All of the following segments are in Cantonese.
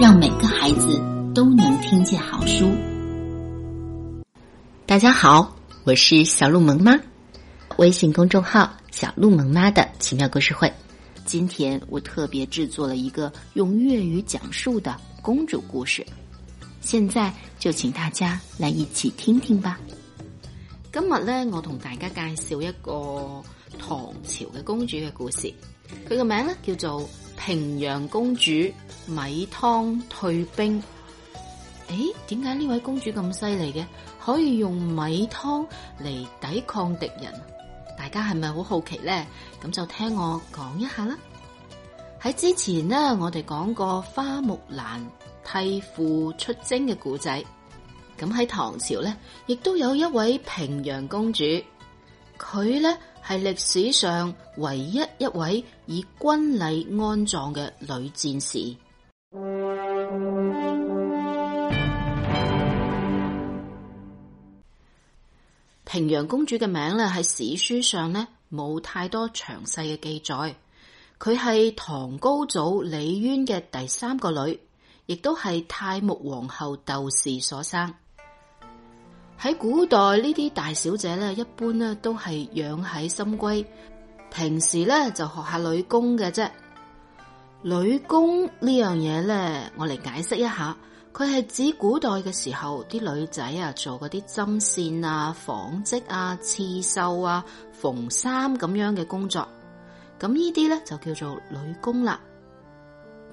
讓每個孩子都能聽見好書。大家好，我是小鹿萌媽，微信公眾號小鹿萌媽的奇妙故事會。今天我特別製作了一個用粵語講述的公主故事，現在就請大家來一起聽聽吧。今日呢，我同大家介紹一個唐朝的公主嘅故事，佢個名呢叫做。平陽公主米湯退兵，誒，點解呢位公主咁犀利嘅，可以用米湯嚟抵抗敵人？大家係咪好好奇咧？咁就聽我講一下啦。喺之前呢，我哋講過花木蘭替父出征嘅故仔，咁喺唐朝呢，亦都有一位平陽公主，佢呢？係歷史上唯一一位以軍禮安葬嘅女戰士。平陽公主嘅名咧，喺史書上咧冇太多詳細嘅記載。佢係唐高祖李淵嘅第三個女，亦都係太穆皇后竇氏所生。喺古代呢啲大小姐咧，一般咧都係養喺深閨，平時咧就學下女工嘅啫。女工呢樣嘢咧，我嚟解釋一下，佢係指古代嘅時候啲女仔啊，做嗰啲針線啊、紡織啊、刺繡啊、縫衫咁樣嘅工作，咁呢啲咧就叫做女工啦。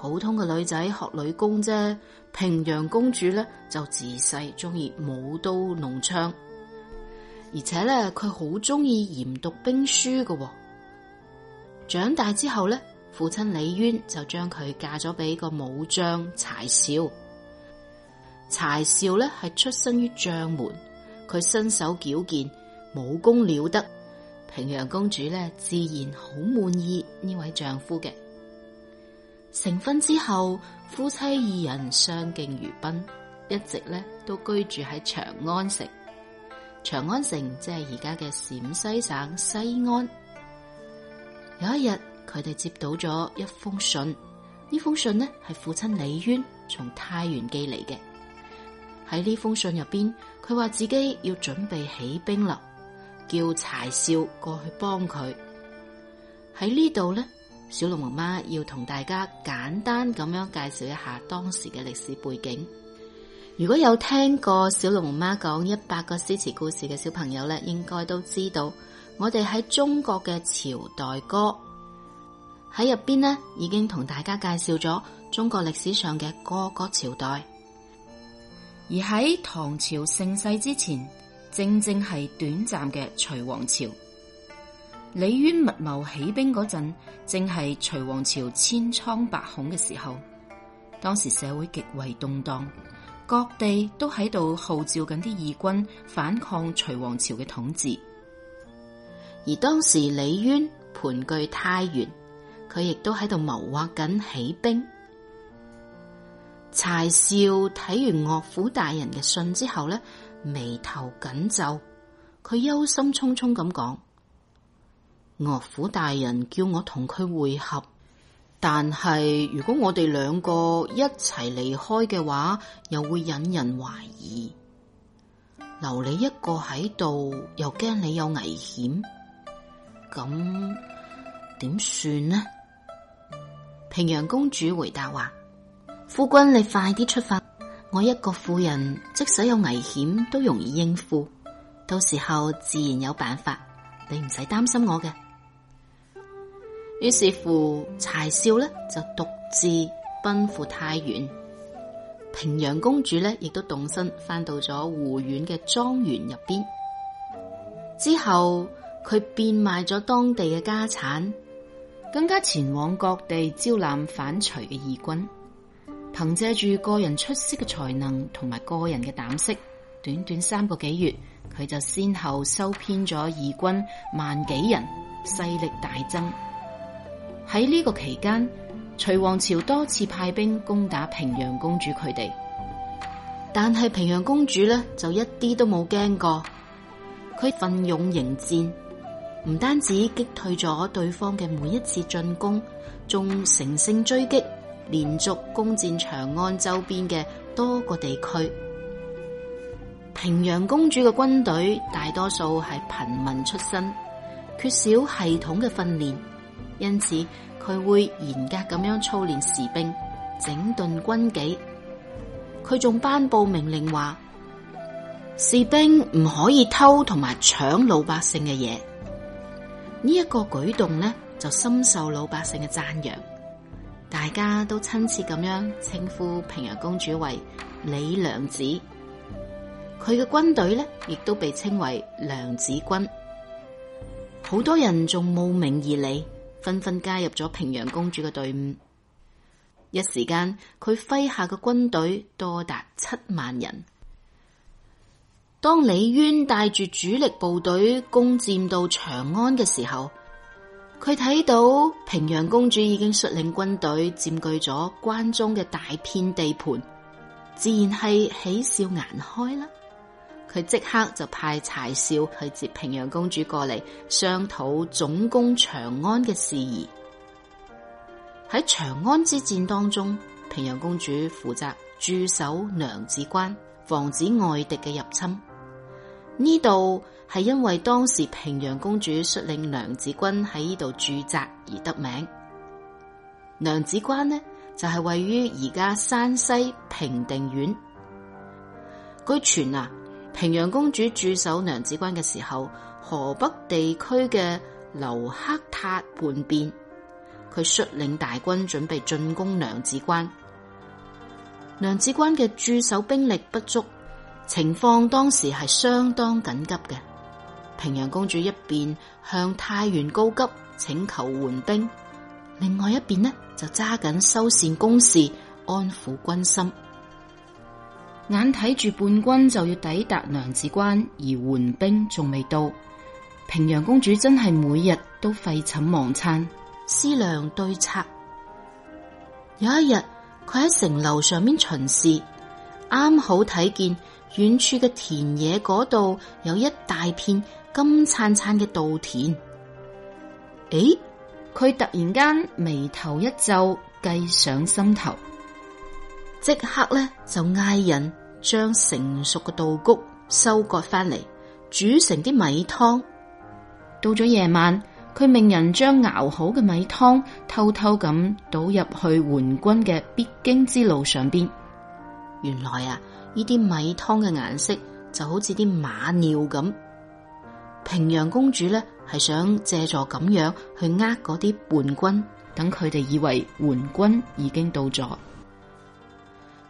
普通嘅女仔學女工啫，平陽公主咧就自細中意舞刀弄槍，而且咧佢好中意研讀兵書嘅喎。長大之後咧，父親李淵就將佢嫁咗俾個武將柴紹。柴紹咧係出身於將門，佢身手矯健，武功了得。平陽公主咧自然好滿意呢位丈夫嘅。成婚之後，夫妻二人相敬如賓，一直咧都居住喺長安城。長安城即係而家嘅陝西省西安。有一日，佢哋接到咗一封信，呢封信呢係父親李淵從太原寄嚟嘅。喺呢封信入邊，佢話自己要準備起兵啦，叫柴少過去幫佢。喺呢度咧。小龍媽媽要同大家簡單咁樣介紹一下當時嘅歷史背景。如果有聽過小龍媽媽講一百個詩詞故事嘅小朋友咧，應該都知道我哋喺中國嘅朝代歌喺入邊呢，已經同大家介紹咗中國歷史上嘅各個朝代，而喺唐朝盛世之前，正正係短暫嘅隋王朝。李淵密謀起兵嗰陣，正係隋王朝千瘡百孔嘅時候。當時社會極為動盪，各地都喺度號召緊啲義軍反抗隋王朝嘅統治。而當時李淵盤踞太原，佢亦都喺度謀劃緊起兵。柴少睇完岳父大人嘅信之後，呢眉頭緊皺，佢憂心忡忡咁講。岳父大人叫我同佢會合，但係如果我哋兩個一齊離開嘅話，又會引人懷疑。留你一個喺度，又驚你有危險。咁點算呢？平陽公主回答話：夫君你快啲出發，我一個婦人，即使有危險都容易應付，到時候自然有辦法，你唔使擔心我嘅。於是乎柴少咧就獨自奔赴太原，平陽公主咧亦都動身返到咗鄠縣嘅莊園入邊。之後佢變賣咗當地嘅家產，更加前往各地招攬反隋嘅義軍，憑借住個人出色嘅才能同埋個人嘅膽識，短短三個幾月，佢就先後收編咗義軍萬幾人，勢力大增。喺呢個期間，隋王朝多次派兵攻打平陽公主佢哋，但係平陽公主呢，就一啲都冇驚過，佢奮勇迎戰，唔單止擊退咗對方嘅每一次進攻，仲乘勝追擊，連續攻佔長安周邊嘅多個地區。平陽公主嘅軍隊大多數係貧民出身，缺少系統嘅訓練。因此，佢會嚴格咁樣操練士兵，整頓軍紀。佢仲頒布命令話，士兵唔可以偷同埋搶老百姓嘅嘢。呢、這、一個舉動呢，就深受老百姓嘅讚揚。大家都親切咁樣稱呼平陽公主為李娘子，佢嘅軍隊呢，亦都被稱為娘子軍。好多人仲慕名而嚟。紛紛加入咗平陽公主嘅隊伍，一時間佢麾下嘅軍隊多達七萬人。當李淵帶住主力部隊攻佔到長安嘅時候，佢睇到平陽公主已經率領軍隊佔據咗關中嘅大片地盤，自然係喜笑顏開啦。佢即刻就派柴少去接平陽公主過嚟商討總攻長安嘅事宜。喺長安之戰當中，平陽公主負責駐守娘子關，防止外敵嘅入侵。呢度係因為當時平陽公主率領娘子軍喺呢度駐紮而得名。娘子關呢就係位於而家山西平定縣。據傳啊。平陽公主駐守娘子關嘅時候，河北地區嘅劉黑闥叛變，佢率領大軍準備進攻娘子關。娘子關嘅駐守兵力不足，情況當時係相當緊急嘅。平陽公主一邊向太原告急請求援兵，另外一邊呢就揸緊修繕工事，安撫軍心。眼睇住叛軍就要抵達娘子關，而援兵仲未到，平陽公主真係每日都廢寢忘餐，思量對策。有一日，佢喺城樓上面巡視，啱好睇見遠處嘅田野嗰度有一大片金燦燦嘅稻田。誒、欸，佢突然間眉頭一皺，計上心頭，即刻咧就嗌人。將成熟嘅稻穀收割翻嚟，煮成啲米湯。到咗夜晚，佢命人將熬好嘅米湯偷偷咁倒入去援軍嘅必經之路上邊。原來啊，呢啲米湯嘅顏色就好似啲馬尿咁。平陽公主呢係想借助咁樣去呃嗰啲援軍，等佢哋以為援軍已經到咗。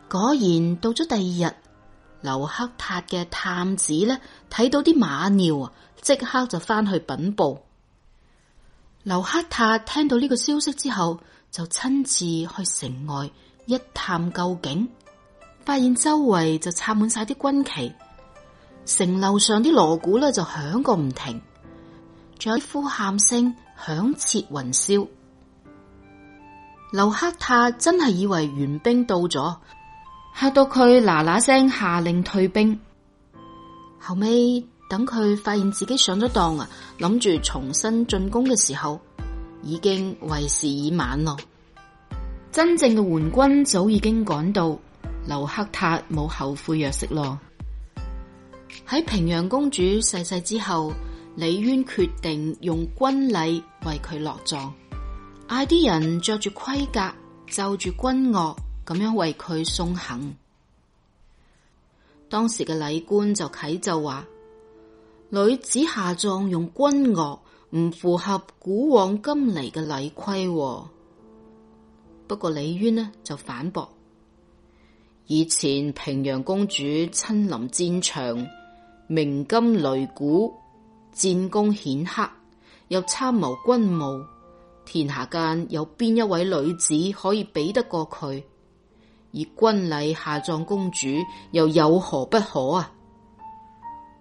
果然到咗第二日。劉克塔嘅探子呢，睇到啲馬尿啊，即刻就翻去稟報。劉克塔聽到呢個消息之後，就親自去城外一探究竟，發現周圍就插滿晒啲軍旗，城樓上啲鑼鼓呢，就響個唔停，仲有啲呼喊聲響徹雲霄。劉克塔真係以為援兵到咗。嚇到佢嗱嗱聲下令退兵，後尾等佢發現自己上咗當啊，諗住重新進攻嘅時候，已經為時已晚咯。真正嘅援軍早已經趕到，劉克塔冇後悔藥食咯。喺平陽公主逝世之後，李淵決定用軍禮為佢落葬，嗌啲人着住盔甲，奏住軍樂。咁樣為佢送行，當時嘅禮官就啟奏話：女子下葬用軍樂，唔符合古往今嚟嘅禮規哦。不過李淵呢就反駁：以前平陽公主親臨戰場，鳴金擂鼓，戰功顯赫，又參謀軍務，天下間有邊一位女子可以比得過佢？而軍禮下葬公主又有何不可啊？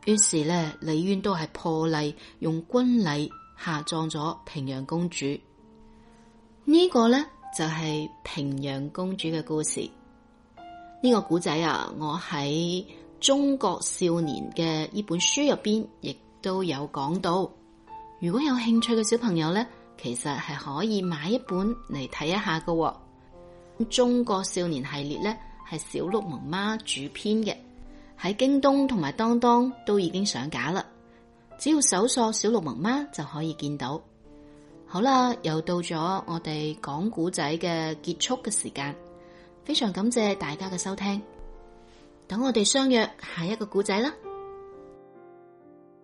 於是咧，李淵都係破例用軍禮下葬咗平陽公主。呢個、呢個咧就係、係、平陽公主嘅故事。呢、呢個古仔啊，我喺《中國少年》嘅呢本書入邊亦都有講到。如果有興趣嘅小朋友咧，其實係可以買一本嚟睇一下嘅、哦。中國少年系列咧，係小鹿萌媽主編嘅，喺京東同埋當當都已經上架啦。只要搜索小鹿萌媽就可以見到。好啦，又到咗我哋講故仔嘅結束嘅時間，非常感謝大家嘅收聽，等我哋相約下一個故仔啦。